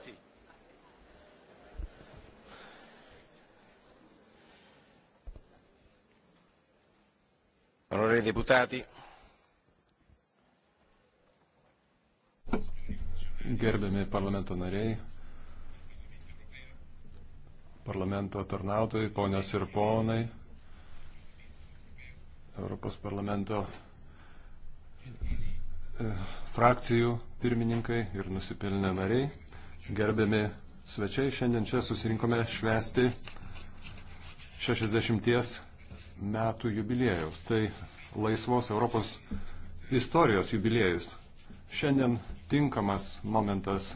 sí. Onorevoli deputati. Gerbiami parlamento nariai, parlamento tarnautojai, ponios ir ponai, Europos parlamento e, frakcijų pirmininkai ir nusipelnę nariai gerbiami svečiai. Šiandien čia susirinkome švesti 60 metų jubiliejaus. Tai laisvos Europos istorijos jubiliejus. Šiandien tinkamas momentas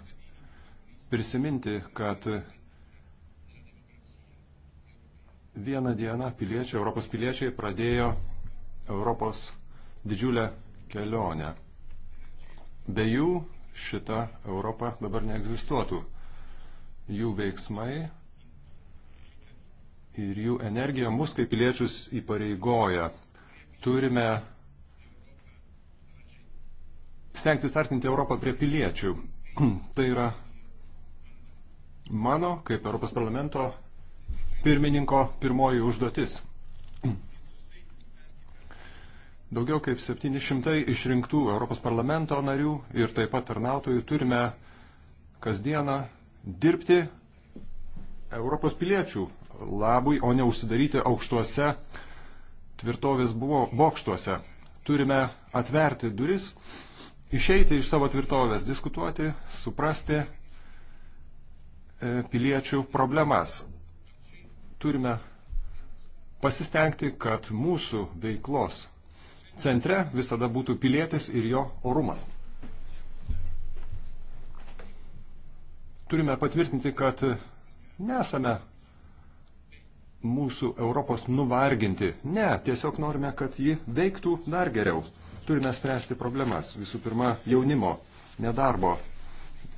prisiminti, kad vieną dieną piliečiai, Europos piliečiai pradėjo Europos didžiulę kelionę. Be jų šita Europa dabar neegzistuotų. Jų veiksmai ir jų energija mus kaip piliečius įpareigoja. Turime stengtis artinti Europą prie piliečių. tai yra mano, kaip Europos parlamento pirmininko, pirmoji užduotis. Daugiau kaip 700 išrinktų Europos parlamento narių ir taip pat tarnautojų turime kasdieną dirbti Europos piliečių labui, o ne užsidaryti aukštuose tvirtovės buvo bokštuose. Turime atverti duris, išeiti iš savo tvirtovės, diskutuoti, suprasti e, piliečių problemas. Turime pasistengti, kad mūsų veiklos centre visada būtų pilietis ir jo orumas. Turime patvirtinti, kad nesame mūsų Europos nuvarginti. Ne, tiesiog norime, kad ji veiktų dar geriau. Turime spręsti problemas. Visų pirma, jaunimo, nedarbo,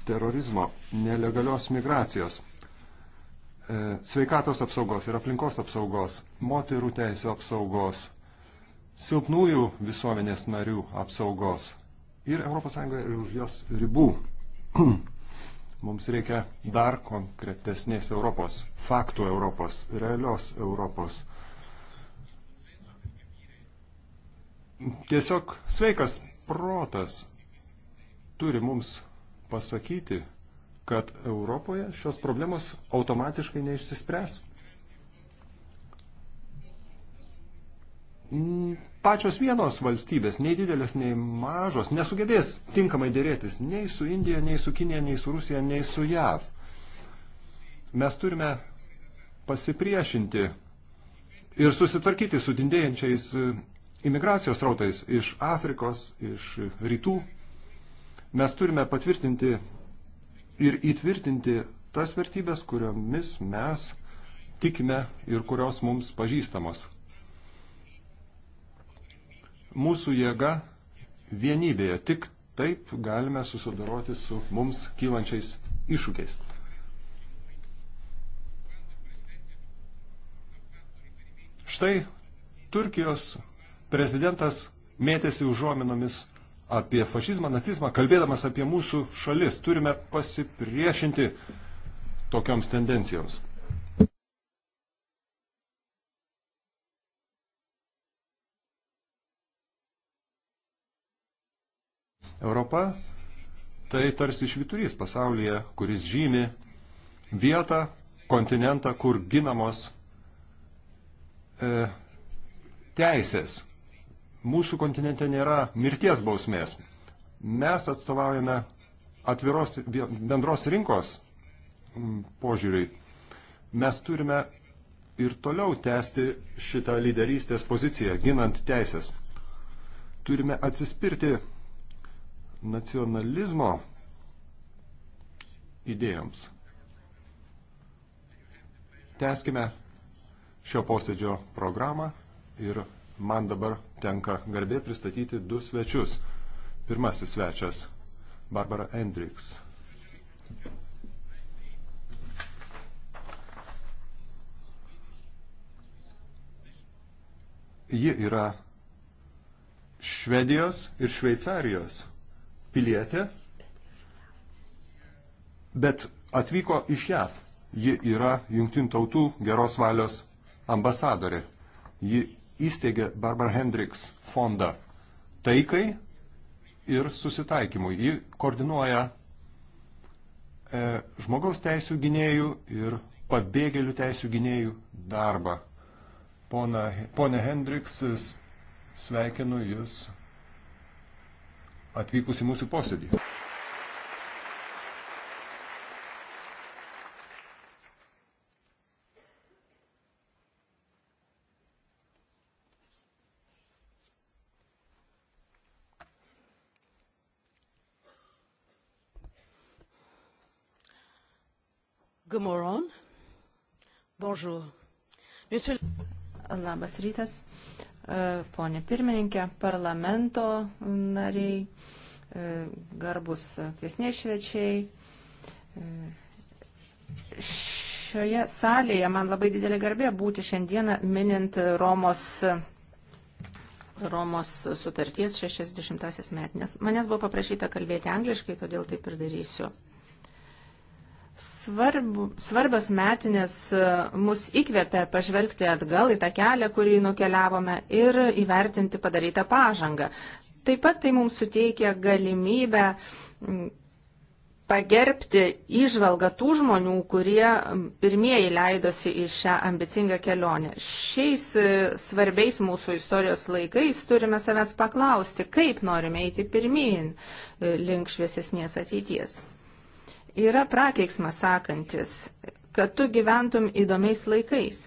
terorizmo, nelegalios migracijos, e, sveikatos apsaugos ir aplinkos apsaugos, moterų teisų apsaugos, silpnųjų visuomenės narių apsaugos ir ES ir už jos ribų. Mums reikia dar konkretesnės Europos, faktų Europos, realios Europos. Tiesiog sveikas protas turi mums pasakyti, kad Europoje šios problemos automatiškai neišsispręs. Mm, pačios vienos valstybės, nei didelės, nei mažos, nesugebės tinkamai dėrėtis nei su Indija, nei su Kinija, nei su Rusija, nei su JAV. Mes turime pasipriešinti ir susitvarkyti su dindėjančiais e, imigracijos rautais iš Afrikos, iš rytų. Mes turime patvirtinti ir įtvirtinti tas vertybės, kuriomis mes tikime ir kurios mums pažįstamos. Mūsų jėga vienybėje. Tik taip galime susidoroti su mums kylančiais iššūkiais. Štai Turkijos prezidentas mėtėsi užuominomis apie fašizmą, nacizmą, kalbėdamas apie mūsų šalis. Turime pasipriešinti tokioms tendencijoms. Europa tai tarsi šviturys pasaulyje, kuris žymi vietą, kontinentą, kur ginamos e, teisės. Mūsų kontinente nėra mirties bausmės. Mes atstovaujame atviros bendros rinkos požiūriui. Mes turime ir toliau tęsti šitą lyderystės poziciją, ginant teisės. Turime atsispirti nacionalizmo idėjoms. Teskime šio posėdžio programą ir man dabar tenka garbė pristatyti du svečius. Pirmasis svečias – Barbara Endriks. Ji yra Švedijos ir Šveicarijos pilietė, bet atvyko iš JAV. Ji yra Junktinių tautų geros valios ambasadorė. Ji įsteigė Barbara Hendriks fondą taikai ir susitaikymui. Ji koordinuoja e, žmogaus teisų gynėjų ir pabėgėlių teisų gynėjų darbą. Pona, pone Hendriks, sveikinu Jūs atvykus į mūsų posėdį. Good morning. Bonjour. Monsieur... Labas rytas. E, ponė pirmininkė, parlamento nariai, e, garbus piesnešvečiai. E, šioje salėje man labai didelė garbė būti šiandieną minint Romos Romos sutarties 60-asias metinės. Manęs buvo paprašyta kalbėti angliškai, todėl taip ir darysiu. Svarbu, svarbios metinės e, mus įkvėpia pažvelgti atgal į tą kelią, kurį nukeliavome ir įvertinti padarytą pažangą. Taip pat tai mums suteikia galimybę pagerbti išvalgą tų žmonių, kurie pirmieji leidosi į šią ambicingą kelionę. Šiais e, svarbiais mūsų istorijos laikais turime savęs paklausti, kaip norime eiti pirmyn e, link šviesesnės ateities yra prakeiksmas sakantis, kad tu gyventum įdomiais laikais.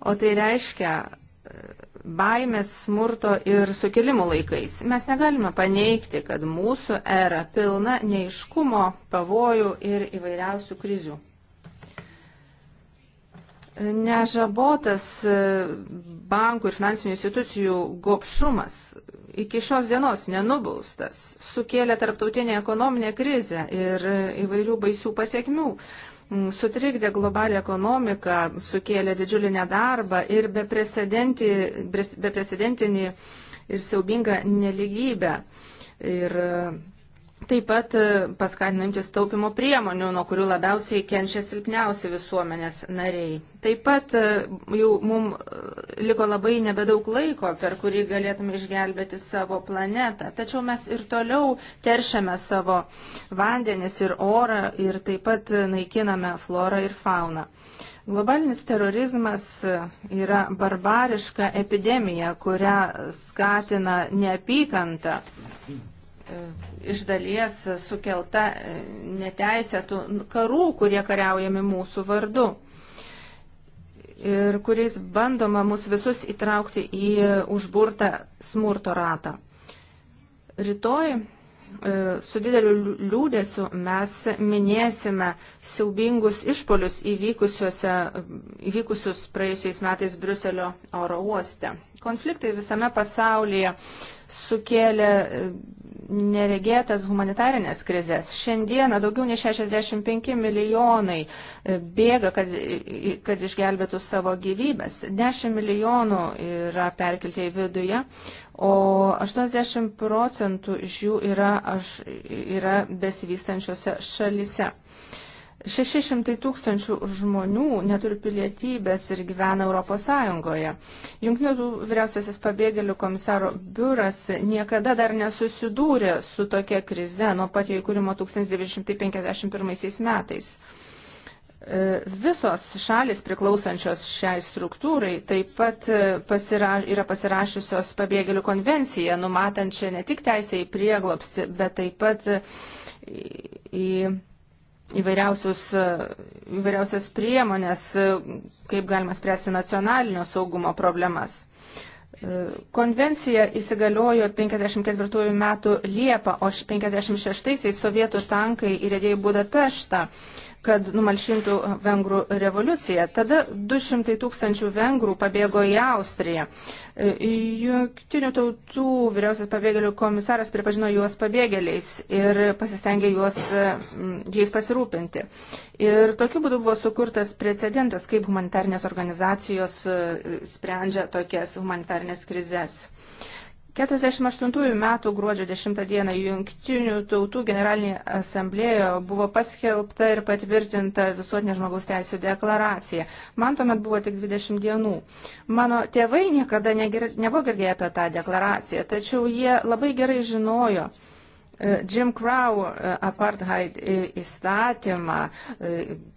O tai reiškia e, baimės, smurto ir sukilimų laikais. Mes negalime paneigti, kad mūsų era pilna neiškumo, pavojų ir įvairiausių krizių. Nežabotas e, bankų ir finansinių institucijų gopšumas iki šios dienos nenubaustas, sukėlė tarptautinę ekonominę krizę ir įvairių baisių pasiekmių mm, sutrikdė globalią ekonomiką, sukėlė didžiulį nedarbą ir beprecedentinį ir siaubingą neligybę. Ir Taip pat e, paskatinantis taupimo priemonių, nuo kurių labiausiai kenčia silpniausi visuomenės nariai. Taip pat e, jau mums e, liko labai nebedaug laiko, per kurį galėtume išgelbėti savo planetą. Tačiau mes ir toliau teršiame savo vandenis ir orą ir taip pat naikiname florą ir fauną. Globalinis terorizmas yra barbariška epidemija, kurią skatina neapykanta E, iš dalies sukelta e, neteisėtų karų, kurie kariaujami mūsų vardu ir kuriais bandoma mus visus įtraukti į užburtą smurto ratą. Rytoj e, su dideliu liūdėsiu mes minėsime siaubingus išpolius įvykusius praėjusiais metais Briuselio oro uoste. Konfliktai visame pasaulyje sukėlė e, neregėtas humanitarinės krizės. Šiandieną daugiau nei 65 milijonai e, bėga, kad, kad išgelbėtų savo gyvybės. 10 milijonų yra perkelti į viduje, o 80 procentų iš jų yra, aš, yra besivystančiose šalise. Uh, 600 tūkstančių žmonių neturi pilietybės ir gyvena Europos Sąjungoje. Junknių vyriausiasis pabėgėlių komisaro biuras niekada dar nesusidūrė su tokia krize nuo pat jo įkūrimo 1951 metais. E, visos šalis priklausančios šiai struktūrai taip pat e, pasira, yra pasirašiusios pabėgėlių konvenciją, numatančią ne tik teisę į prieglopstį, bet taip pat į, į E, įvairiausias priemonės, e, kaip galima spręsti nacionalinio saugumo problemas. E, konvencija įsigaliojo 54 metų Liepą, o 56-aisiais sovietų tankai įrėdėjo į Budapeštą kad numalšintų vengrų revoliuciją. Tada 200 tūkstančių vengrų pabėgo į Austriją. Junktinių tautų vyriausias pabėgėlių komisaras pripažino juos pabėgėliais ir pasistengė juos, jais pasirūpinti. Ir tokiu būdu buvo sukurtas precedentas, kaip humanitarnės organizacijos e, sprendžia tokias humanitarnės krizės. 48 metų gruodžio 10 dieną Junktinių tautų generalinėje asamblėjoje buvo paskelbta ir patvirtinta visuotinė žmogaus teisų deklaracija. Man tuomet buvo tik 20 dienų. Mano tėvai niekada negir, nebuvo girdėję apie tą deklaraciją, tačiau jie labai gerai žinojo. E, Jim Crow e, apartheid e, įstatymą,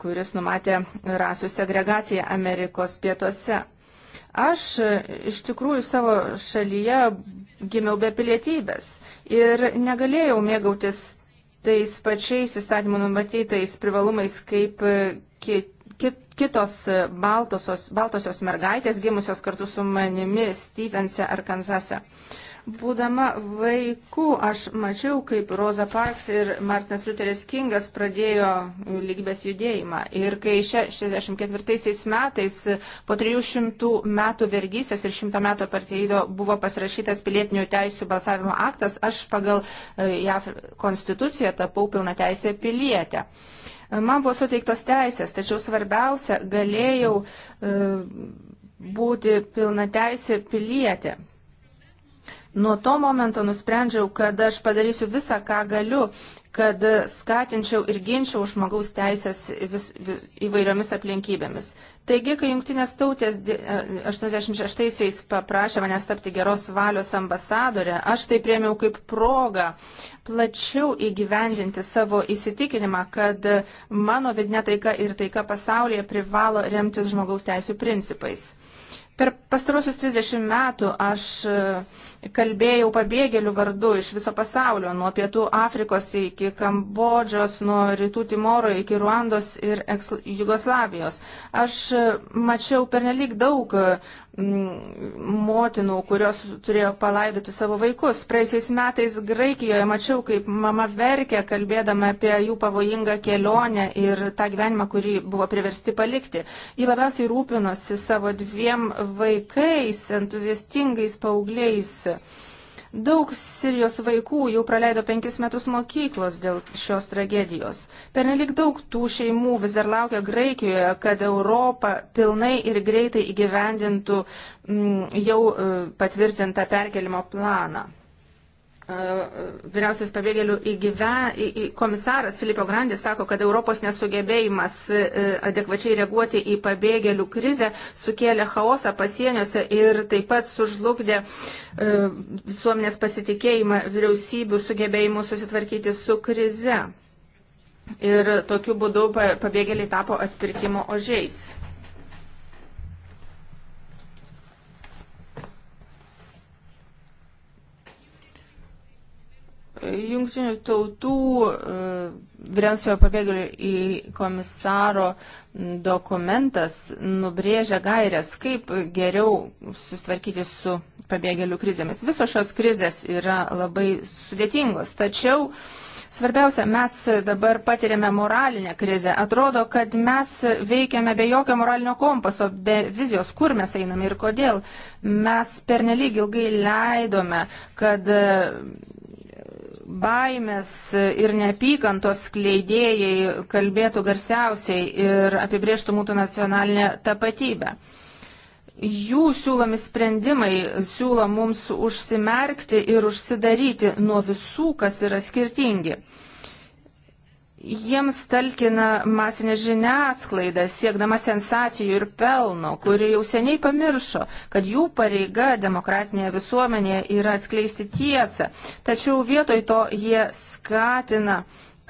kuris numatė rasų segregaciją Amerikos pietuose. Aš e, iš tikrųjų savo šalyje gimiau be pilietybės ir negalėjau mėgautis tais pačiais įstatymų numatytais privalumais kaip e, kiti kitos e, baltosios, baltosios mergaitės gimusios kartu su manimi Stevense, Arkanzase. Uh, Būdama vaikų, aš mačiau, kaip Rosa Parks ir Martinas Luteris Kingas pradėjo lygybės judėjimą. Ir kai 64 metais po 300 metų vergysės ir 100 metų partijaido buvo pasirašytas pilietinių teisų balsavimo aktas, aš pagal e, JAF konstituciją tapau pilna teisė pilietė man buvo suteiktos teisės, tačiau svarbiausia, galėjau e, būti pilnateisė pilietė. Nuo to momento nusprendžiau, kad aš padarysiu visą, ką galiu, kad skatinčiau ir ginčiau žmogaus teisės vis, vis, įvairiomis aplinkybėmis. Taigi, kai Junktinės tautės 86-aisiais e, paprašė manęs tapti geros valios ambasadorė, aš tai priemiau kaip progą plačiau įgyvendinti savo įsitikinimą, kad mano vidinė taika ir taika pasaulyje privalo remtis žmogaus teisų principais. Per pastarosius 30 metų aš e, kalbėjau pabėgėlių vardu iš viso pasaulio, nuo Pietų Afrikos iki Kambodžos, nuo Rytų Timoro iki Ruandos ir Jugoslavijos. Aš e, mačiau pernelyg daug e, motinų, kurios turėjo palaidoti savo vaikus. Praėjusiais metais Graikijoje mačiau, kaip mama verkė, kalbėdama apie jų pavojingą kelionę ir tą gyvenimą, kurį buvo priversti palikti. Ji labiausiai rūpinosi savo dviem vaikais, entuziastingais paaugliais. Daug Sirijos vaikų jau praleido penkis metus mokyklos dėl šios tragedijos. Pernelik daug tų šeimų vis dar laukia Graikijoje, kad Europa pilnai ir greitai įgyvendintų mm, jau e, patvirtintą perkelimo planą vyriausias pabėgėlių įgyve, komisaras Filipo Grandis sako, kad Europos nesugebėjimas e, adekvačiai reaguoti į pabėgėlių krizę sukėlė chaosą pasieniuose ir taip pat sužlugdė e, visuomenės pasitikėjimą vyriausybių sugebėjimu susitvarkyti su krize. Ir tokiu būdu pabėgėliai tapo atpirkimo ožiais. Jungtinių tautų e, vyriausiojo pabėgėlių komisaro dokumentas nubrėžia gairias, kaip geriau susitvarkyti su pabėgėlių krizėmis. Visos šios krizės yra labai sudėtingos, tačiau svarbiausia, mes dabar patiriame moralinę krizę. Atrodo, kad mes veikiame be jokio moralinio kompaso, be vizijos, kur mes einame ir kodėl. Mes pernelyg ilgai leidome, kad baimės ir neapykantos skleidėjai kalbėtų garsiausiai ir apibrėžtų mūsų nacionalinę tapatybę. Jų siūlomi sprendimai siūlo mums užsimerkti ir užsidaryti nuo visų, kas yra skirtingi. Jiems talkina masinė žiniasklaida, siekdama sensacijų ir pelno, kuri jau seniai pamiršo, kad jų pareiga demokratinėje visuomenėje yra atskleisti tiesą. Tačiau vietoj to jie skatina,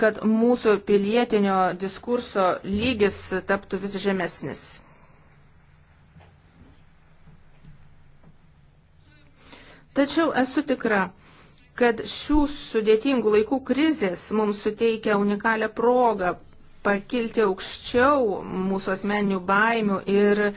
kad mūsų pilietinio diskurso lygis taptų vis žemesnis. Tačiau esu tikra, kad šių sudėtingų laikų krizės mums suteikia unikalią progą pakilti aukščiau mūsų asmeninių baimių ir e,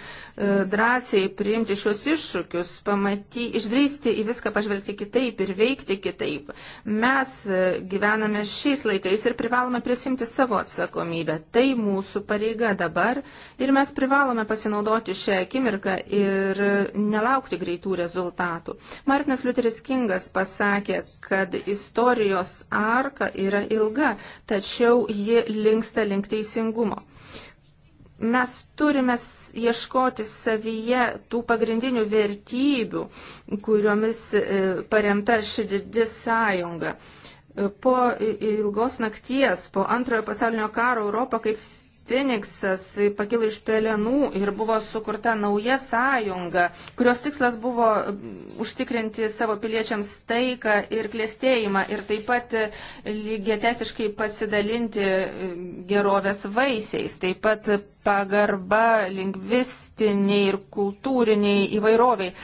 drąsiai priimti šios iššūkius, pamaty, išdrysti į viską pažvelgti kitaip ir veikti kitaip. Mes e, gyvename šiais laikais ir privalome prisimti savo atsakomybę. Tai mūsų pareiga dabar ir mes privalome pasinaudoti šią akimirką ir nelaukti greitų rezultatų. Martinas Liuteris Kingas pasakė, kad istorijos arka yra ilga, tačiau ji linksta link link teisingumo. Mes turime ieškoti savyje tų pagrindinių vertybių, kuriomis e, paremta ši didi sąjunga. E, po ilgos nakties, po antrojo pasaulinio karo Europą kaip Feniksas pakilo iš pelenų ir buvo sukurta nauja sąjunga, kurios tikslas buvo mm, užtikrinti savo piliečiams taiką ir klėstėjimą ir taip pat e, lygiatesiškai pasidalinti e, gerovės vaisiais, taip pat pagarba lingvistiniai ir kultūriniai įvairoviai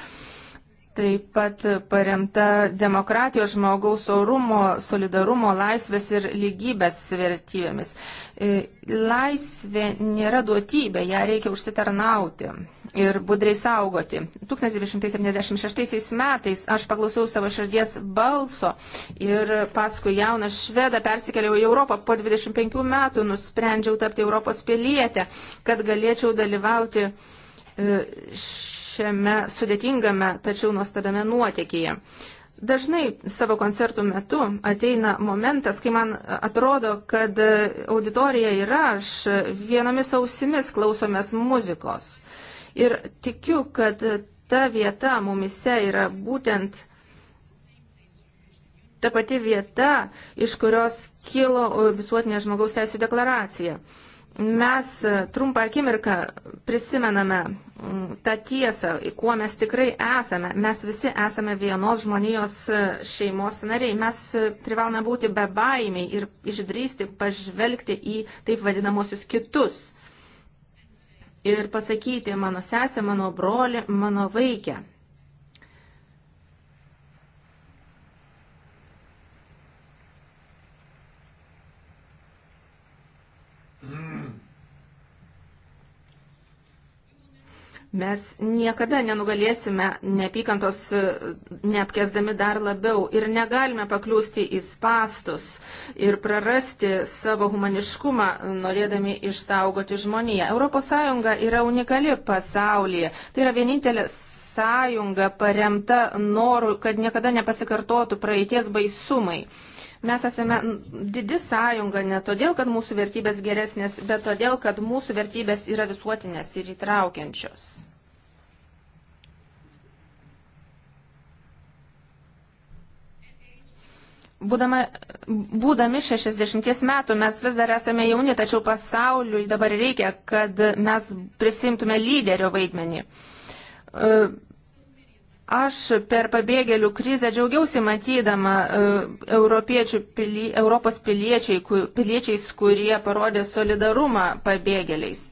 taip pat paremta demokratijos žmogaus orumo, solidarumo, laisvės ir lygybės vertybėmis. E, laisvė nėra duotybė, ją reikia užsitarnauti ir budriai saugoti. 1976 metais aš paklausiau savo širdies balso ir paskui jauną švedą persikėliau į Europą. Po 25 metų nusprendžiau tapti Europos pilietę, kad galėčiau dalyvauti. Š e, šiame sudėtingame, tačiau nuostabiame nuotėkyje. Dažnai savo koncertų metu ateina momentas, kai man atrodo, kad auditorija ir aš vienomis ausimis klausomės muzikos. Ir tikiu, kad ta vieta mumise yra būtent ta pati vieta, iš kurios kilo visuotinė žmogaus teisų deklaracija mes e, trumpą akimirką prisimename mm, tą tiesą, kuo mes tikrai esame. Mes visi esame vienos žmonijos e, šeimos nariai. Mes e, privalome būti bebaimiai ir išdrysti pažvelgti į taip vadinamosius kitus. Ir pasakyti mano sesę, mano broli, mano vaikę. Mes niekada nenugalėsime neapykantos, neapkesdami dar labiau ir negalime pakliūsti į spastus ir prarasti savo humaniškumą, norėdami išsaugoti žmoniją. ES yra unikali pasaulyje. Tai yra vienintelė sąjunga paremta noru, kad niekada nepasikartotų praeities baisumai mes esame didi sąjunga ne todėl, kad mūsų vertybės geresnės, bet todėl, kad mūsų vertybės yra visuotinės ir įtraukiančios. Būdama, būdami 60 metų mes vis dar esame jauni, tačiau pasauliui dabar reikia, kad mes prisimtume lyderio vaidmenį. E, aš per pabėgėlių krizę džiaugiausi matydama e, pilie, Europos piliečiai, piliečiais, kurie parodė solidarumą pabėgėliais.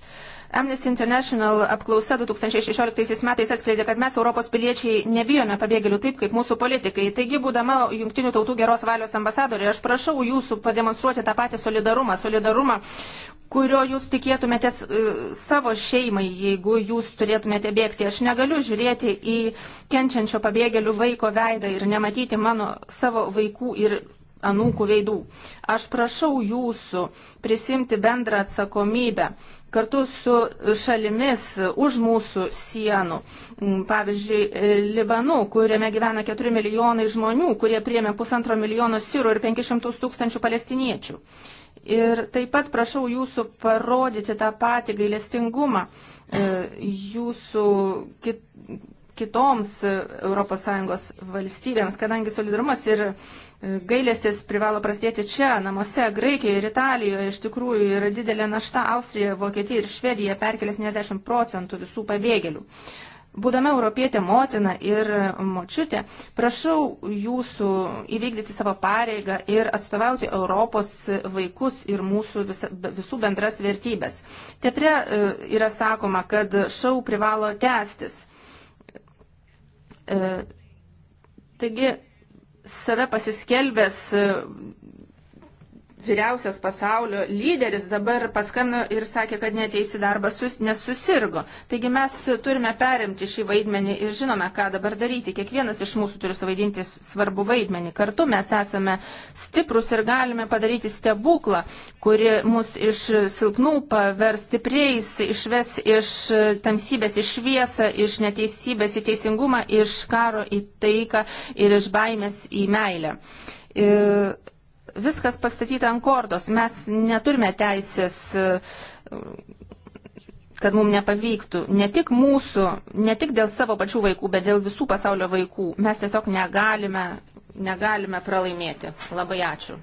Amnesty International apklausa 2016 metais atskleidė, kad mes Europos piliečiai nebijome pabėgėlių taip, kaip mūsų politikai. Taigi, būdama Junktinių tautų geros valios ambasadorė, aš prašau jūsų pademonstruoti tą patį solidarumą, solidarumą, kurio jūs tikėtumėte savo šeimai, jeigu jūs turėtumėte bėgti. Aš negaliu žiūrėti į kenčiančio pabėgėlių vaiko veidą ir nematyti mano savo vaikų ir anūkų veidų. Aš prašau jūsų prisimti bendrą atsakomybę kartu su šalimis už mūsų sienų. Mm, pavyzdžiui, Libanu, kuriame gyvena 4 milijonai žmonių, kurie priemė pusantro milijono sirų ir 500 tūkstančių palestiniečių. Ir taip pat prašau jūsų parodyti tą patį gailestingumą e, jūsų kit kitoms ES valstybėms, kadangi solidarumas ir e, gailestis privalo prasidėti čia, namuose, Graikijoje ir Italijoje. Iš tikrųjų yra didelė našta Austrija, Vokietija ir Švedija perkelės 90 procentų visų pabėgėlių. Būdama europietė motina ir močiutė, prašau jūsų įvykdyti savo pareigą ir atstovauti Europos vaikus ir mūsų vis, visų bendras vertybės. Teatre e, yra sakoma, kad šau privalo tęstis. E, taigi, save pasiskelbęs vyriausias pasaulio lyderis dabar paskambino ir sakė, kad neteis į darbą, sus, nes susirgo. Taigi mes turime perimti šį vaidmenį ir žinome, ką dabar daryti. Kiekvienas iš mūsų turi suvaidinti svarbu vaidmenį. Kartu mes esame stiprus ir galime padaryti stebuklą, kuri mus iš silpnų pavers stipriais, išves iš tamsybės į šviesą, iš neteisybės į teisingumą, iš karo į taiką ir iš baimės į meilę. Ir viskas pastatyta ant kordos. Mes neturime teisės, kad mums nepavyktų. Ne tik mūsų, ne tik dėl savo pačių vaikų, bet dėl visų pasaulio vaikų. Mes tiesiog negalime, negalime pralaimėti. Labai ačiū.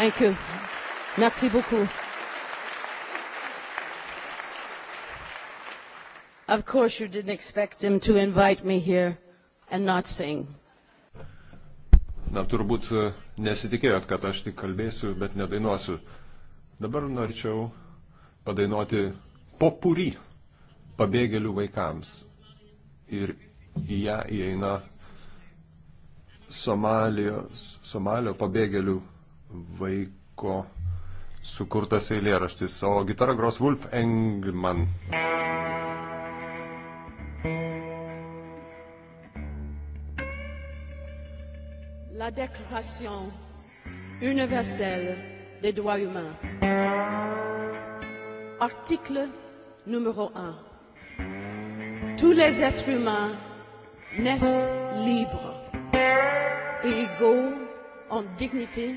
Thank you. Merci beaucoup. Of course, you didn't expect him to invite me here and not sing. Na, turbūt e, nesitikėjot, kad aš tik kalbėsiu, bet nedainuosiu. Dabar norėčiau padainuoti popurį pabėgėlių vaikams. Ir į ją įeina Somalijos, Somalio pabėgėlių vaiko sukurtas eilėraštis, o gitarą gros Wolf Engman. La Déclaration universelle des droits humains. Article numéro 1. Tous les êtres humains naissent libres et égaux en dignité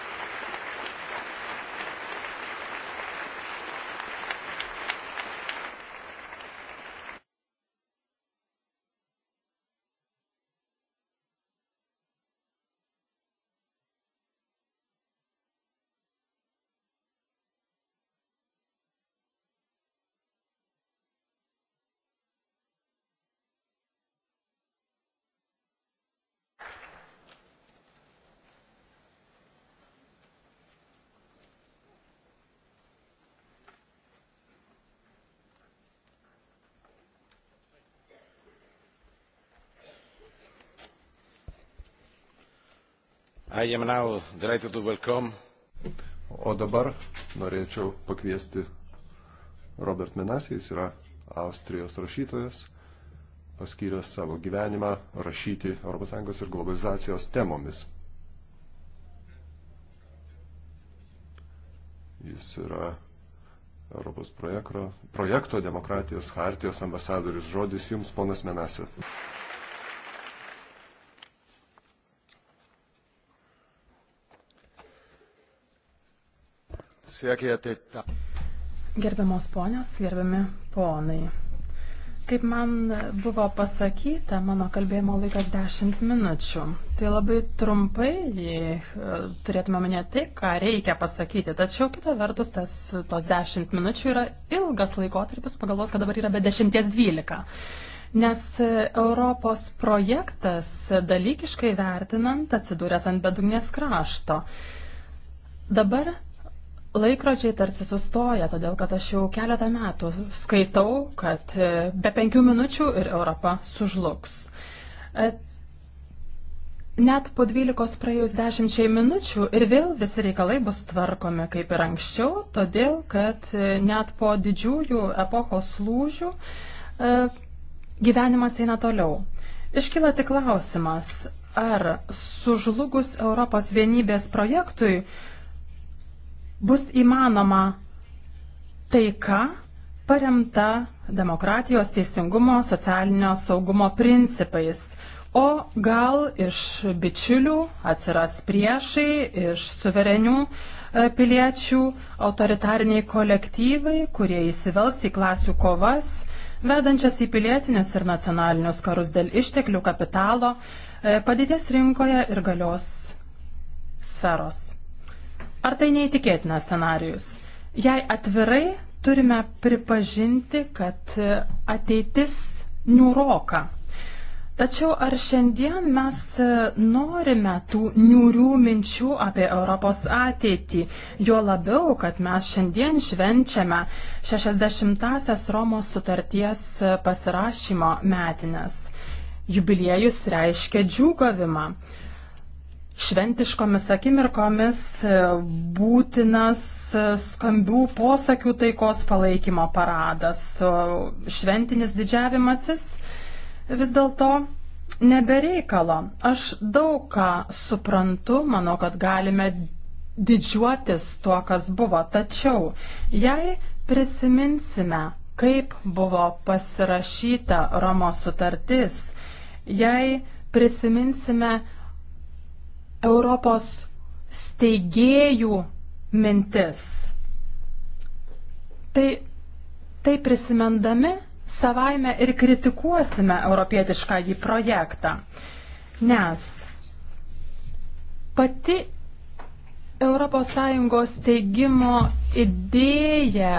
O dabar norėčiau pakviesti Robert Menasį, jis yra Austrijos rašytojas, paskyręs savo gyvenimą rašyti ES ir globalizacijos temomis. Jis yra Europos projekto, projekto demokratijos hartijos ambasadorius. Žodis jums, ponas Menasė. Gerbiamos ponios, gerbiami ponai. Kaip man buvo pasakyta, mano kalbėjimo laikas 10 minučių. Tai labai trumpai e, turėtume minėti tai, ką reikia pasakyti. Tačiau kita vertus, tas, tos 10 minučių yra ilgas laikotarpis, pagalvos, kad dabar yra be 10-12. Nes e, Europos projektas dalykiškai vertinant atsidūręs ant bedugnės krašto. Dabar Laikrodžiai tarsi sustoja, todėl kad aš jau keletą metų skaitau, kad e, be penkių minučių ir Europa sužlugs. E, net po 12 praėjus 10 minučių ir vėl visi reikalai bus tvarkomi kaip ir anksčiau, todėl kad e, net po didžiųjų epochos lūžių gyvenimas eina toliau. Iškyla tik klausimas, ar sužlugus Europos vienybės projektui, bus įmanoma taika paremta demokratijos teisingumo socialinio saugumo principais. O gal iš bičiulių atsiras priešai, iš suverenių e, piliečių autoritariniai kolektyvai, kurie įsivels į klasių kovas, vedančias į pilietinius ir nacionalinius karus dėl išteklių kapitalo, e, padėties rinkoje ir galios sferos. Ar tai neįtikėtina scenarius? Jei atvirai, turime pripažinti, kad e, ateitis niūroka. Tačiau ar šiandien mes e, norime tų niūrių minčių apie Europos ateitį, jo labiau, kad mes šiandien švenčiame 60-asias Romos sutarties e, pasirašymo metinės. Jubiliejus reiškia džiūgavimą šventiškomis akimirkomis e, būtinas e, skambių posakių taikos palaikymo paradas. Šventinis didžiavimasis vis dėlto nebereikalo. Aš daug ką suprantu, manau, kad galime didžiuotis tuo, kas buvo. Tačiau, jei prisiminsime, kaip buvo pasirašyta Romos sutartis, jei prisiminsime Europos steigėjų mintis. Tai, tai prisimendami savaime ir kritikuosime europietišką jį projektą, nes pati ES teigimo idėja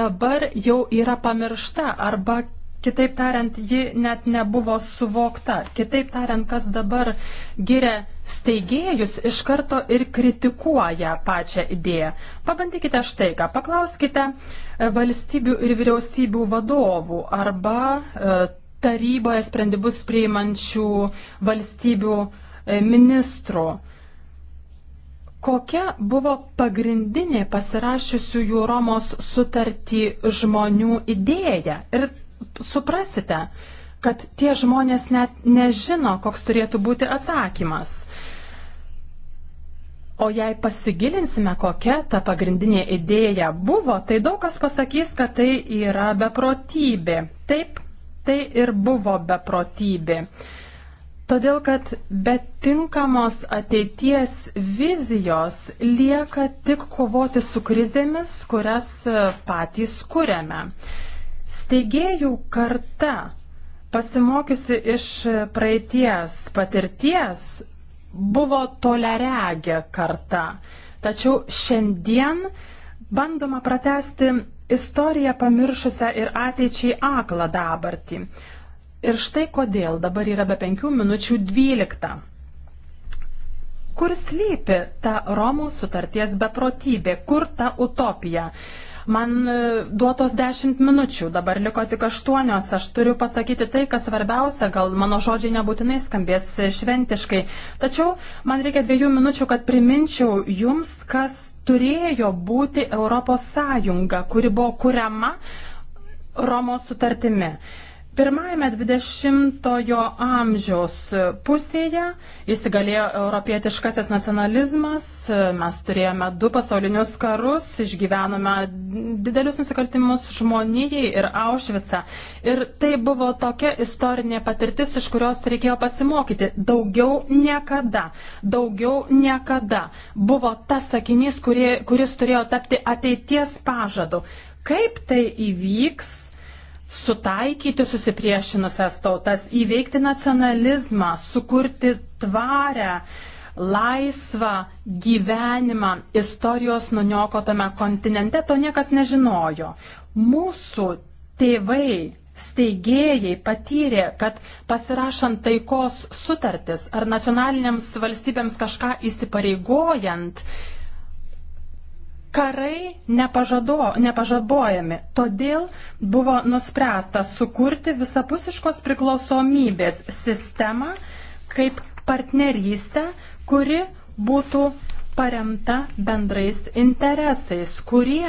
dabar jau yra pamiršta arba Kitaip tariant, ji net nebuvo suvokta. Kitaip tariant, kas dabar giria steigėjus, iš karto ir kritikuoja pačią idėją. Pabandykite štai ką. Paklauskite e, valstybių ir vyriausybių vadovų arba e, taryboje sprendimus priimančių valstybių e, ministrų. Kokia buvo pagrindinė pasirašysiųjų Romos sutartį žmonių idėja? Ir suprasite, kad tie žmonės net nežino, koks turėtų būti atsakymas. O jei pasigilinsime, kokia ta pagrindinė idėja buvo, tai daug kas pasakys, kad tai yra beprotybė. Taip, tai ir buvo beprotybė. Todėl, kad be tinkamos ateities vizijos lieka tik kovoti su krizėmis, kurias patys kuriame. Steigėjų karta, pasimokiusi iš praeities patirties, buvo toleregė karta. Tačiau šiandien bandoma pratesti istoriją pamiršusią ir ateičiai aklą dabartį. Ir štai kodėl dabar yra be penkių minučių dvylikta. Kur slypi ta Romų sutarties beprotybė, kur ta utopija? Man e, duotos 10 minučių, dabar liko tik 8. Aš turiu pasakyti tai, kas svarbiausia, gal mano žodžiai nebūtinai skambės šventiškai. Tačiau man reikia dviejų minučių, kad priminčiau jums, kas turėjo būti Europos Sąjunga, kuri buvo kuriama Romos sutartimi. Pirmajame 20-ojo amžiaus pusėje įsigalėjo europietiškasis nacionalizmas, mes turėjome du pasaulinius karus, išgyvenome didelius nusikaltimus žmonijai ir Aušvicą. Ir tai buvo tokia istorinė patirtis, iš kurios reikėjo pasimokyti. Daugiau niekada, daugiau niekada buvo tas sakinys, kurie, kuris turėjo tapti ateities pažadu. Kaip tai įvyks? sutaikyti susipriešinusias tautas, įveikti nacionalizmą, sukurti tvarę, laisvą gyvenimą istorijos nuniokotame kontinente, to niekas nežinojo. Mūsų tėvai, steigėjai patyrė, kad pasirašant taikos sutartis ar nacionalinėms valstybėms kažką įsipareigojant, Karai nepažado, nepažabojami, todėl buvo nuspręsta sukurti visapusiškos priklausomybės sistemą kaip partnerystę, kuri būtų paremta bendrais interesais, kurie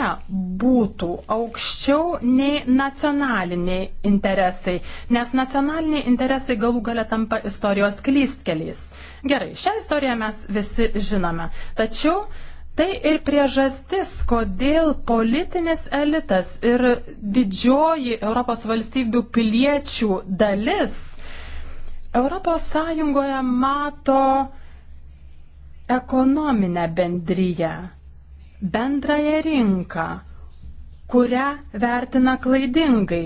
būtų aukščiau nei nacionaliniai interesai, nes nacionaliniai interesai galų gale tampa istorijos klystkeliais. Gerai, šią istoriją mes visi žinome, tačiau Tai ir priežastis, kodėl politinis elitas ir didžioji Europos valstybių piliečių dalis Europos Sąjungoje mato ekonominę bendryją, bendrąją rinką, kurią vertina klaidingai.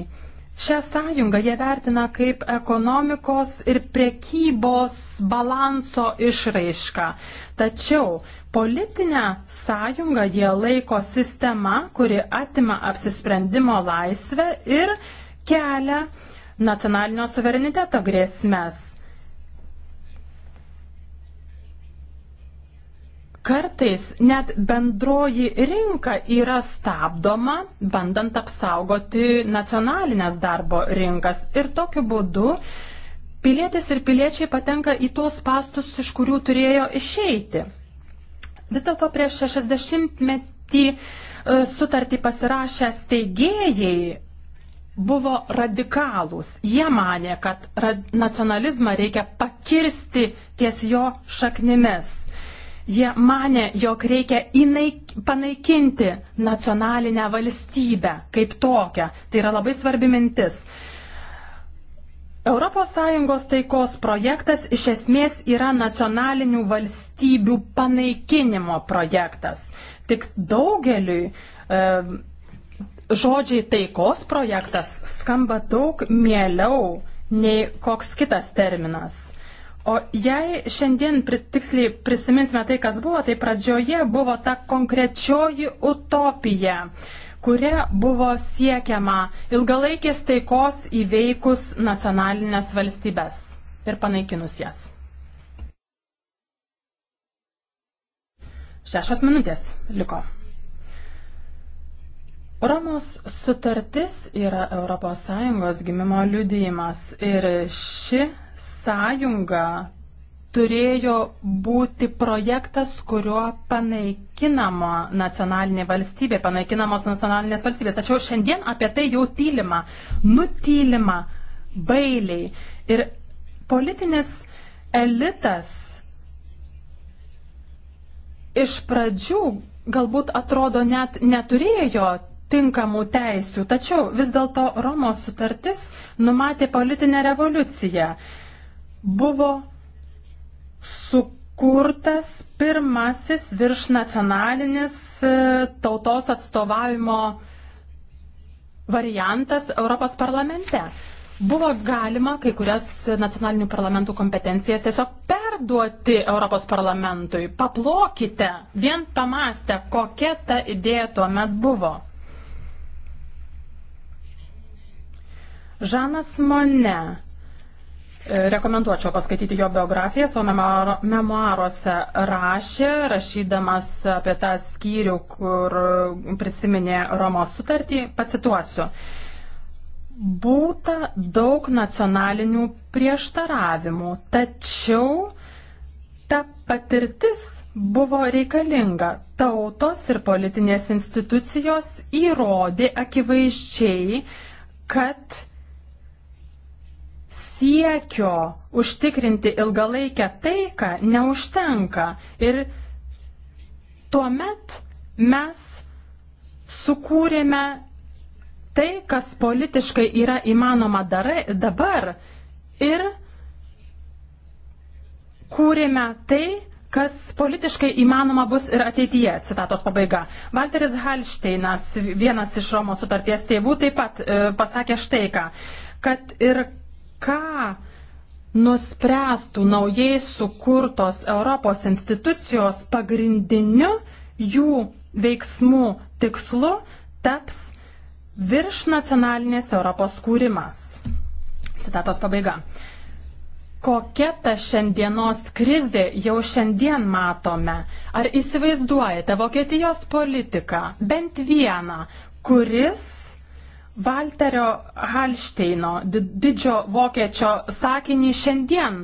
Šią sąjungą jie vertina kaip ekonomikos ir prekybos balanso išraišką. Tačiau Politinę sąjungą jie laiko sistema, kuri atima apsisprendimo laisvę ir kelia nacionalinio suvereniteto grėsmes. Kartais net bendroji rinka yra stabdoma, bandant apsaugoti nacionalinės darbo rinkas. Ir tokiu būdu pilietis ir piliečiai patenka į tuos pastus, iš kurių turėjo išeiti. Vis dėlto prieš 60 metį e, sutartį pasirašę steigėjai buvo radikalūs. Jie manė, kad nacionalizmą reikia pakirsti ties jo šaknimis. Jie manė, jog reikia įnaik, panaikinti nacionalinę valstybę kaip tokią. Tai yra labai svarbi mintis. ES taikos projektas iš esmės yra nacionalinių valstybių panaikinimo projektas. Tik daugeliui e, žodžiai taikos projektas skamba daug mieliau nei koks kitas terminas. O jei šiandien tiksliai prisiminsime tai, kas buvo, tai pradžioje buvo ta konkrečioji utopija. E, kuria buvo siekiama ilgalaikės taikos įveikus nacionalinės valstybės ir panaikinus jas. Šešios minutės liko. Romos sutartis yra ES gimimo liudijimas ir ši sąjunga turėjo būti projektas, kuriuo panaikinama nacionalinė valstybė, panaikinamos nacionalinės valstybės. Tačiau šiandien apie tai jau tylima, nutylima, bailiai. Ir politinis elitas iš pradžių galbūt atrodo net neturėjo tinkamų teisių, tačiau vis dėlto Romos sutartis numatė politinę revoliuciją. Buvo sukurtas pirmasis virš nacionalinis e, tautos atstovavimo variantas Europos parlamente. Buvo galima kai kurias nacionalinių parlamentų kompetencijas tiesiog perduoti Europos parlamentui. Paplokite, vien pamastę, kokia ta idėja tuo met buvo. Žanas Mone Rekomenduočiau paskaityti jo biografiją, savo memoaruose rašė, rašydamas apie tą skyrių, kur prisiminė Romos sutartį, pacituosiu. Būta daug nacionalinių prieštaravimų, tačiau ta patirtis buvo reikalinga. Tautos ir politinės institucijos įrodė akivaizdžiai, kad siekio užtikrinti ilgalaikę taiką neužtenka. Ir tuomet mes sukūrėme tai, kas politiškai yra įmanoma darai, dabar ir kūrėme tai, kas politiškai įmanoma bus ir ateityje. Citatos pabaiga. Walteris Halšteinas, vienas iš Romos sutarties tėvų, taip pat e, pasakė štai ką, kad ir ką nuspręstų naujai sukurtos Europos institucijos pagrindiniu jų veiksmų tikslu taps virš nacionalinės Europos kūrimas. Citatos pabaiga. Kokia ta šiandienos krizė jau šiandien matome? Ar įsivaizduojate Vokietijos politiką, bent vieną, kuris Valterio Halšteino, didžio vokiečio sakinį šiandien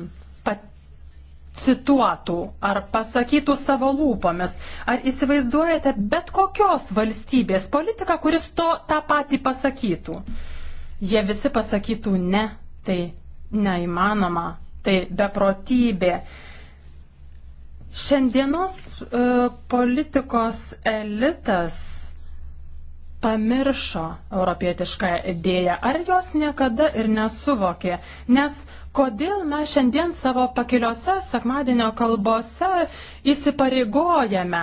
cituotų ar pasakytų savo lūpomis. Ar įsivaizduojate bet kokios valstybės politiką, kuris to tą patį pasakytų? Jie visi pasakytų ne, tai neįmanoma, tai beprotybė. Šiandienos e, politikos elitas pamiršo europietišką idėją, ar jos niekada ir nesuvokė. Nes kodėl mes šiandien savo pakiliuose sekmadienio kalbose įsipareigojame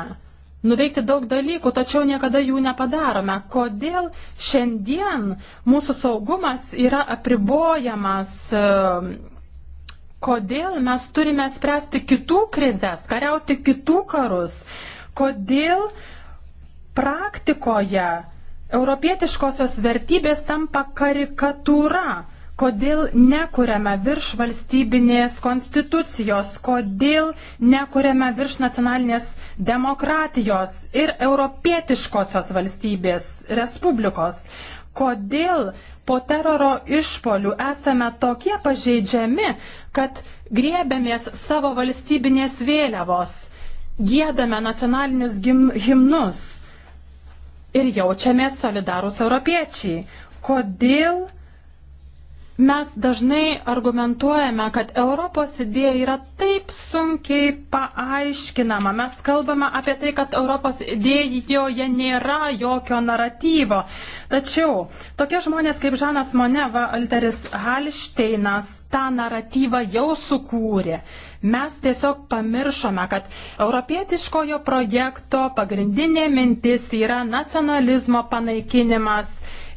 nuveikti daug dalykų, tačiau niekada jų nepadarome. Kodėl šiandien mūsų saugumas yra apribojamas. Kodėl mes turime spręsti kitų krizės, kariauti kitų karus? Kodėl praktikoje Europietiškosios vertybės tampa karikatūra. Kodėl nekuriame virš valstybinės konstitucijos, kodėl nekuriame virš nacionalinės demokratijos ir europietiškosios valstybės, respublikos, kodėl po teroro išpolių esame tokie pažeidžiami, kad griebėmės savo valstybinės vėliavos, gėdame nacionalinius gim, himnus ir jaučiamės solidarūs europiečiai. Kodėl Mes dažnai argumentuojame, kad Europos idėja yra taip sunkiai paaiškinama. Mes kalbame apie tai, kad Europos idėjoje nėra jokio naratyvo. Tačiau tokie žmonės kaip Žanas Moneva, Alteris Halšteinas tą naratyvą jau sukūrė. Mes tiesiog pamiršome, kad europietiškojo projekto pagrindinė mintis yra nacionalizmo panaikinimas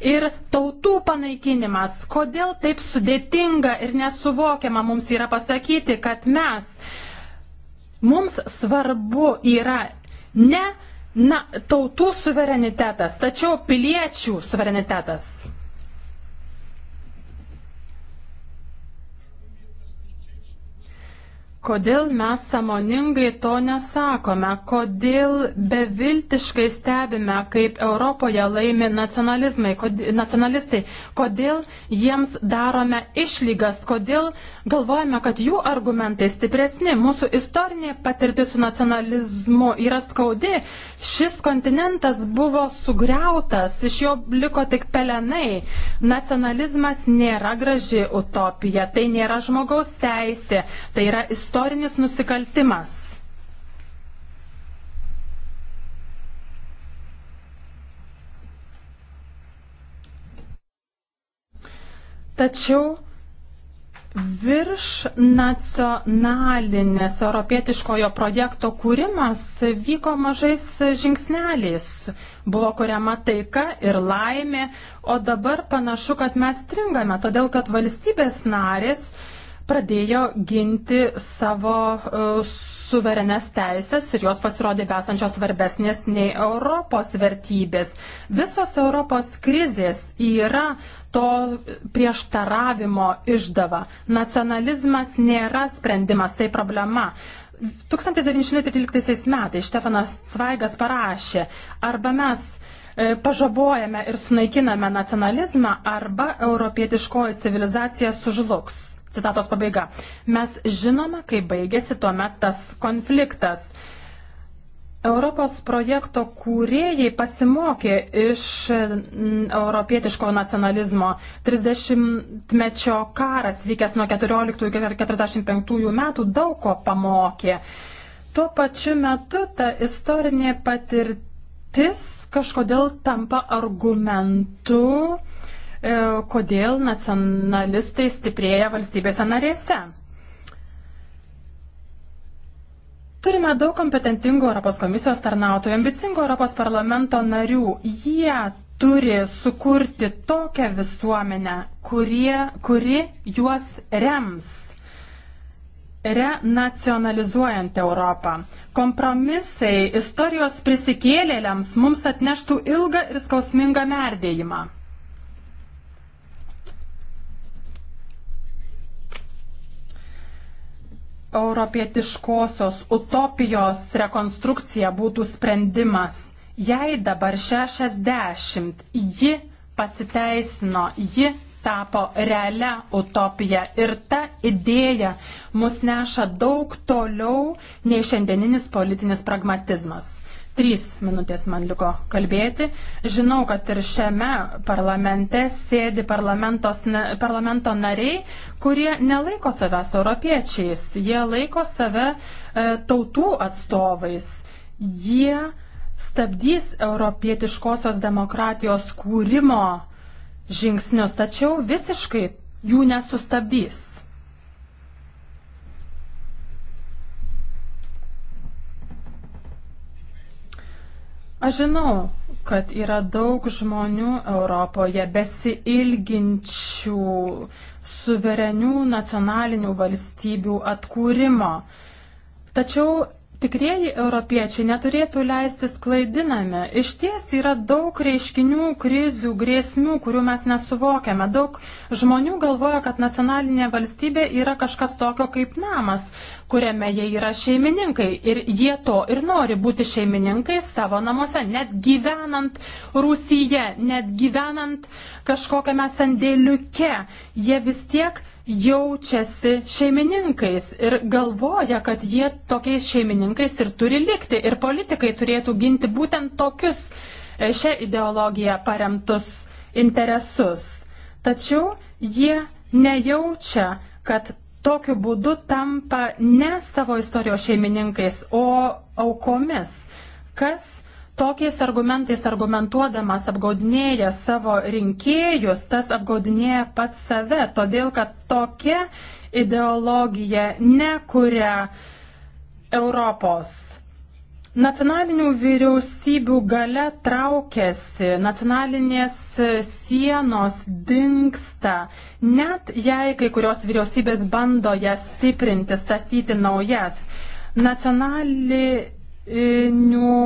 ir tautų panaikinimas. Kodėl taip sudėtinga ir nesuvokiama mums yra pasakyti, kad mes, mums svarbu yra ne na, tautų suverenitetas, tačiau piliečių suverenitetas. Kodėl mes samoningai to nesakome? Kodėl beviltiškai stebime, kaip Europoje laimi kod, nacionalistai? Kodėl jiems darome išlygas? Kodėl galvojame, kad jų argumentai stipresni? Mūsų istorinė patirtis su nacionalizmu yra skaudi. Šis kontinentas buvo sugriautas, iš jo liko tik pelenai. Nacionalizmas nėra graži utopija, tai nėra žmogaus teisė, tai yra istorija istorinis nusikaltimas. Tačiau virš nacionalinės europietiškojo projekto kūrimas vyko mažais žingsneliais. Buvo kuriama taika ir laimė, o dabar panašu, kad mes stringame, todėl kad valstybės narės pradėjo ginti savo e, suverenes teisės ir jos pasirodė besančios svarbesnės nei Europos vertybės. Visos Europos krizės yra to prieštaravimo išdava. Nacionalizmas nėra sprendimas, tai problema. 1913 metais Štefanas Cvaigas parašė, arba mes e, pažabojame ir sunaikiname nacionalizmą, arba europietiškoji civilizacija sužlugs. Citatos pabaiga. Mes žinome, kai baigėsi tuomet tas konfliktas. Europos projekto kūrėjai pasimokė iš mm, europietiško nacionalizmo. 30-mečio karas vykęs nuo 14 iki 45 metų daug ko pamokė. Tuo pačiu metu ta istorinė patirtis kažkodėl tampa argumentu E, kodėl nacionalistai stiprėja valstybėse narėse. Turime daug kompetentingų Europos komisijos tarnautojų, ambicingų Europos parlamento narių. Jie turi sukurti tokią visuomenę, kurie, kuri juos rems, renacionalizuojant Europą. Kompromisai istorijos prisikėlėliams mums atneštų ilgą ir skausmingą merdėjimą. europietiškosios utopijos rekonstrukcija būtų sprendimas. Jei dabar 60 ji pasiteisino, ji tapo realia utopija ir ta idėja mus neša daug toliau nei šiandieninis politinis pragmatizmas. Trys minutės man liko kalbėti. Žinau, kad ir šiame parlamente sėdi parlamento nariai, kurie nelaiko savęs europiečiais. Jie laiko save e, tautų atstovais. Jie stabdys europietiškosios demokratijos kūrimo žingsnius, tačiau visiškai jų nesustabdys. Aš žinau, kad yra daug žmonių Europoje besiilginčių suverenių nacionalinių valstybių atkūrimo. Tačiau Tikrieji europiečiai neturėtų leisti klaidinami. Iš ties yra daug reiškinių, krizių, grėsmių, kurių mes nesuvokiame. Daug žmonių galvoja, kad nacionalinė valstybė yra kažkas tokio kaip namas, kuriame jie yra šeimininkai. Ir jie to ir nori būti šeimininkai savo namuose, net gyvenant Rusyje, net gyvenant kažkokiame sandėliuke. Jie vis tiek jaučiasi šeimininkais ir galvoja, kad jie tokiais šeimininkais ir turi likti. Ir politikai turėtų ginti būtent tokius e, šią ideologiją paremtus interesus. Tačiau jie nejaučia, kad tokiu būdu tampa ne savo istorijos šeimininkais, o aukomis. Kas Tokiais argumentais argumentuodamas apgaudinėja savo rinkėjus, tas apgaudinėja pat save, todėl kad tokia ideologija nekuria Europos. Nacionalinių vyriausybių gale traukiasi, nacionalinės sienos dinksta, net jei kai kurios vyriausybės bando jas stiprinti, statyti naujas. Nacionalinių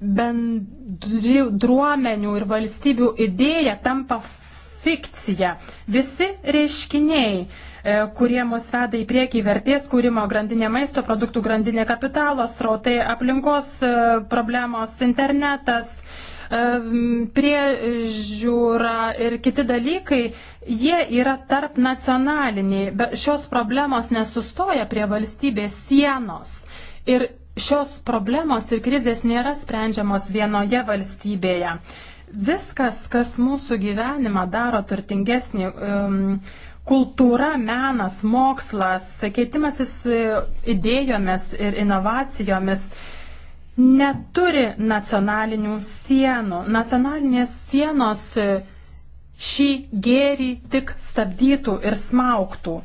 bendruomenių ir valstybių idėja tampa fikcija. Visi reiškiniai, e, kurie mus veda į priekį vertės kūrimo grandinė maisto produktų grandinė kapitalos, rautai aplinkos e, problemos, internetas, e, priežiūra ir kiti dalykai, jie yra tarp nacionaliniai, bet šios problemos nesustoja prie valstybės sienos. Ir šios problemos ir krizės nėra sprendžiamos vienoje valstybėje. Viskas, kas mūsų gyvenimą daro turtingesnį, um, kultūra, menas, mokslas, keitimasis e, idėjomis ir inovacijomis, neturi nacionalinių sienų. Nacionalinės sienos e, šį gėrį tik stabdytų ir smauktų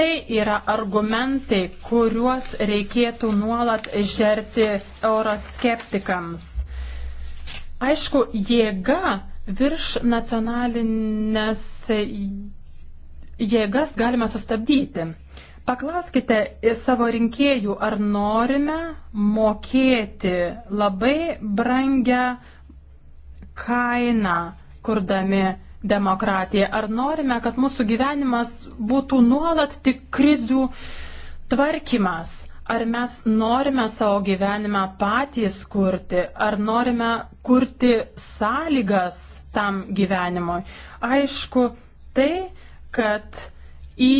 tai yra argumentai, kuriuos reikėtų nuolat žerti euroskeptikams. Aišku, jėga virš nacionalinės jėgas galime sustabdyti. Paklauskite savo rinkėjų, ar norime mokėti labai brangę kainą, kurdami demokratiją? Ar norime, kad mūsų gyvenimas būtų nuolat tik krizių tvarkymas? Ar mes norime savo gyvenimą patys kurti? Ar norime kurti sąlygas tam gyvenimui? Aišku, tai, kad į